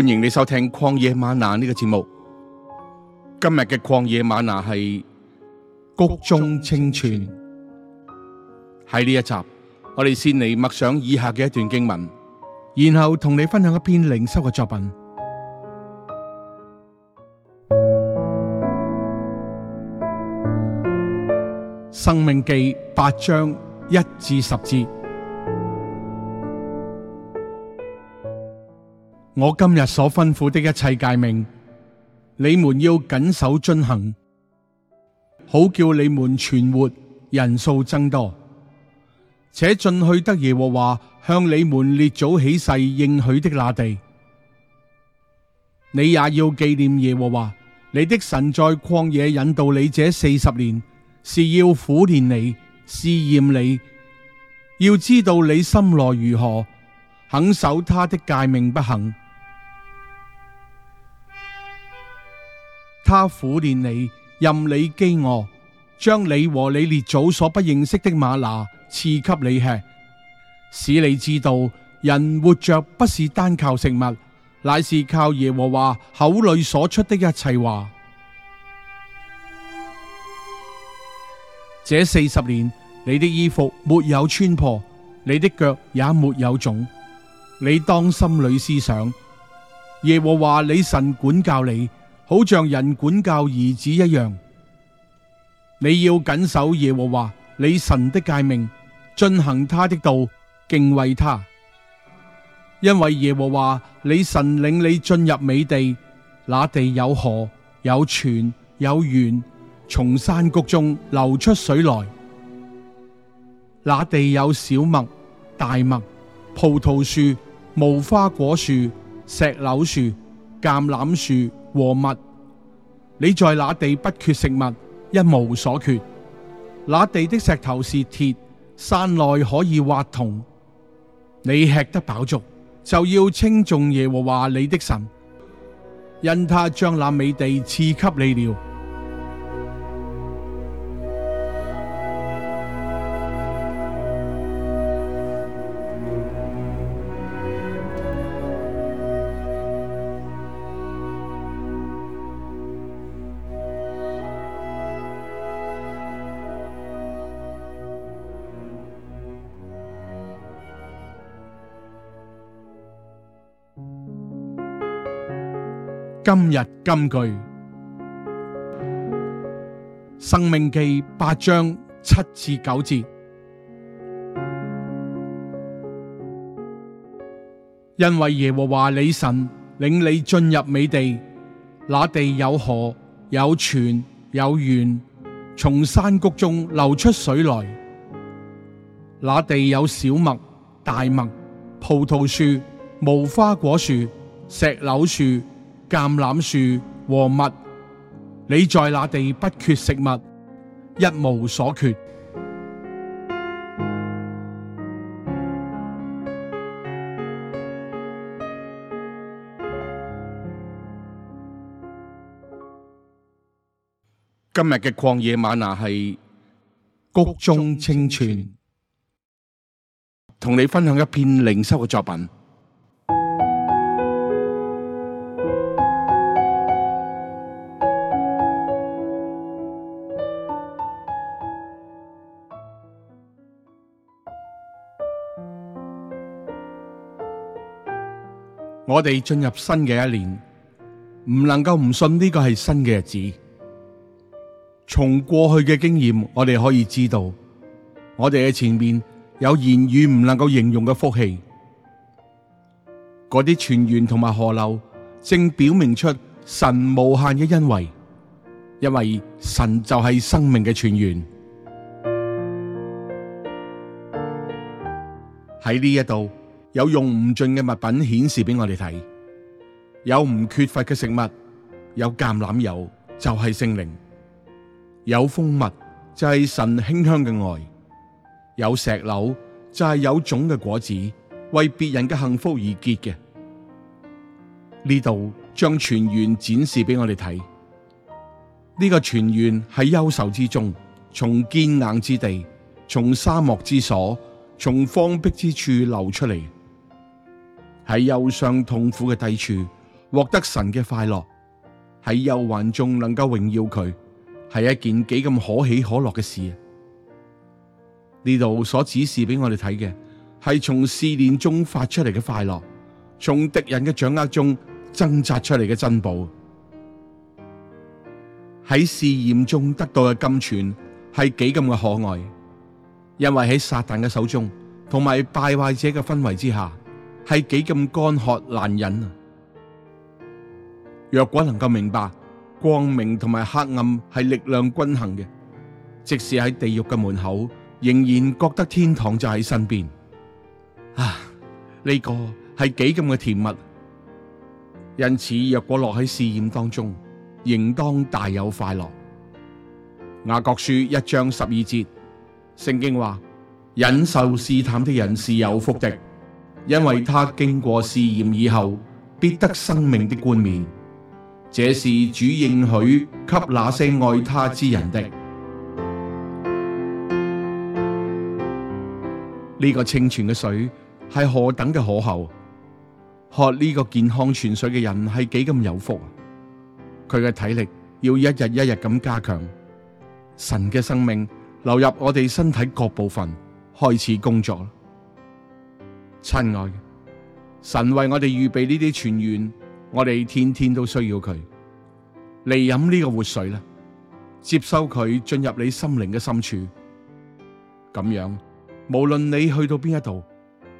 歡迎你收聽曠野嗎哪呢個節目。今日嘅曠野嗎哪係谷中清泉。喺呢一集，我哋先嚟默想以下嘅一段經文，然後同你分享一篇靈修嘅作品《申命記》八章一至十節。我今日所吩咐的一切誡命，你們要謹守遵行，好叫你們存活，人數增多，且進去得耶和華向你們列祖起誓應許的那地。你也要紀念耶和華你的神，在曠野引導你這四十年，是要苦練你，試驗你，要知道你心內如何，肯守他的誡命不行。他苦煉你，任你饑餓，將你和你列祖所不認識的嗎哪賜給你吃，使你知道人活着不是單靠食物，乃是靠耶和華口裏所出的一切話。這四十年，你的衣服沒有穿破，你的腳也沒有腫。你當心裏思想，耶和華你神管教你。好像人管教兒子一樣，你要謹守耶和華你神的誡命，遵行他的道，敬畏他。因為耶和華你神領你進入美地，那地有河，有泉，有泉，有源，從山谷中流出水來。那地有小麥、大麥、葡萄樹、無花果樹、石榴樹、橄欖樹。和物，你在那地不缺食物，一無所缺。那地的石頭是鐵，山內可以挖銅。你吃得飽足，就要稱頌耶和華你的神，因他將那美地賜給你了。今日金句：《申命記》八章七至九節，因為耶和華你神領你進入美地，那地有河有泉有源，從山谷中流出水來。那地有小麥、大麥、葡萄樹、無花果樹、石榴樹。橄欖樹和蜜，你在那地不缺食物，一無所缺。今日嘅曠野嗎哪係，谷中清泉，同你分享一篇靈修嘅作品。我哋進入新嘅一年，唔能夠唔信呢個係新嘅日子。從過去嘅經驗，我哋可以知道，我哋嘅前面有言語唔能夠形容嘅福氣。嗰啲泉源同埋河流，正表明出神無限嘅恩惠，因為神就係生命嘅泉源。喺呢一度。有用唔盡嘅物品顯示俾我哋睇，有唔缺乏嘅食物，有橄欖油就係、是、聖靈，有蜂蜜就係、是、神馨香嘅愛，有石榴就係、是、有種嘅果子，為別人嘅幸福而結嘅。呢度將泉源展示俾我哋睇，呢、這個泉源喺憂愁之中，從堅硬之地，從沙漠之所，從荒僻之處流出嚟。喺憂傷痛苦嘅低處獲得神嘅快樂，喺憂患中能夠榮耀佢，係一件幾咁可喜可樂嘅事。呢度所指示俾我哋睇嘅，係從試煉中發出嚟嘅快樂，從敵人嘅掌握中掙扎出嚟嘅珍寶，喺試驗中得到嘅甘泉，係幾咁嘅可愛，因為喺撒旦嘅手中同埋敗壞者嘅氛圍之下。係幾咁乾渴難忍啊！若果能夠明白光明同埋黑暗係力量均衡嘅，即使喺地獄嘅門口，仍然覺得天堂就喺身邊啊！呢個係幾咁嘅甜蜜。因此，若果落喺試驗當中，應當大有快樂。雅各書一章十二節，聖經話：忍受試探的人是有福的。因為他經過試驗以後，必得生命的冠冕。這是主應許給那些愛他之人的。呢個清泉嘅水係何等嘅可口！喝呢個健康泉水嘅人係幾咁有福啊！佢嘅體力要一日一日咁加強，神嘅生命流入我哋身體各部分，開始工作。親愛，神為我哋預備呢啲泉源，我哋天天都需要佢嚟飲呢個活水啦，接收佢進入你心靈嘅深處。咁樣，無論你去到邊一度，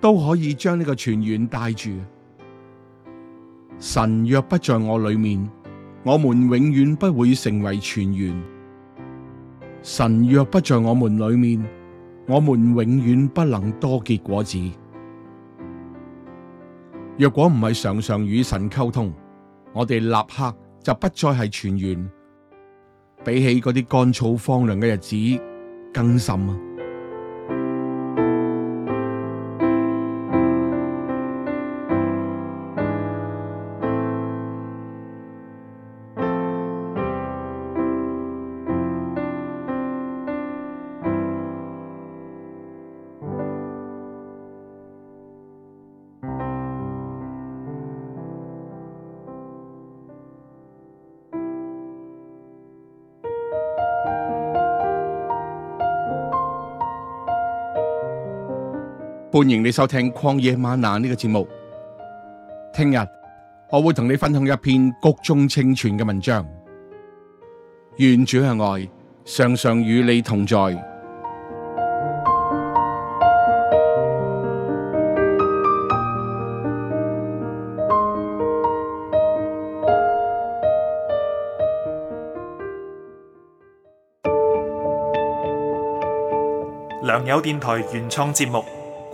都可以將呢個泉源帶住。神若不在我裏面，我們永遠不會成為泉源；神若不在我們裏面，我們永遠不能多結果子。若果唔係常常與神溝通，我哋立刻就不再係全員。比起嗰啲乾燥荒涼嘅日子更甚，更深啊！歡迎你收聽曠野嗎哪呢個節目。聽日我會同你分享一篇谷中清泉嘅文章。願主嘅愛常常與你同在。良友電台原創節目。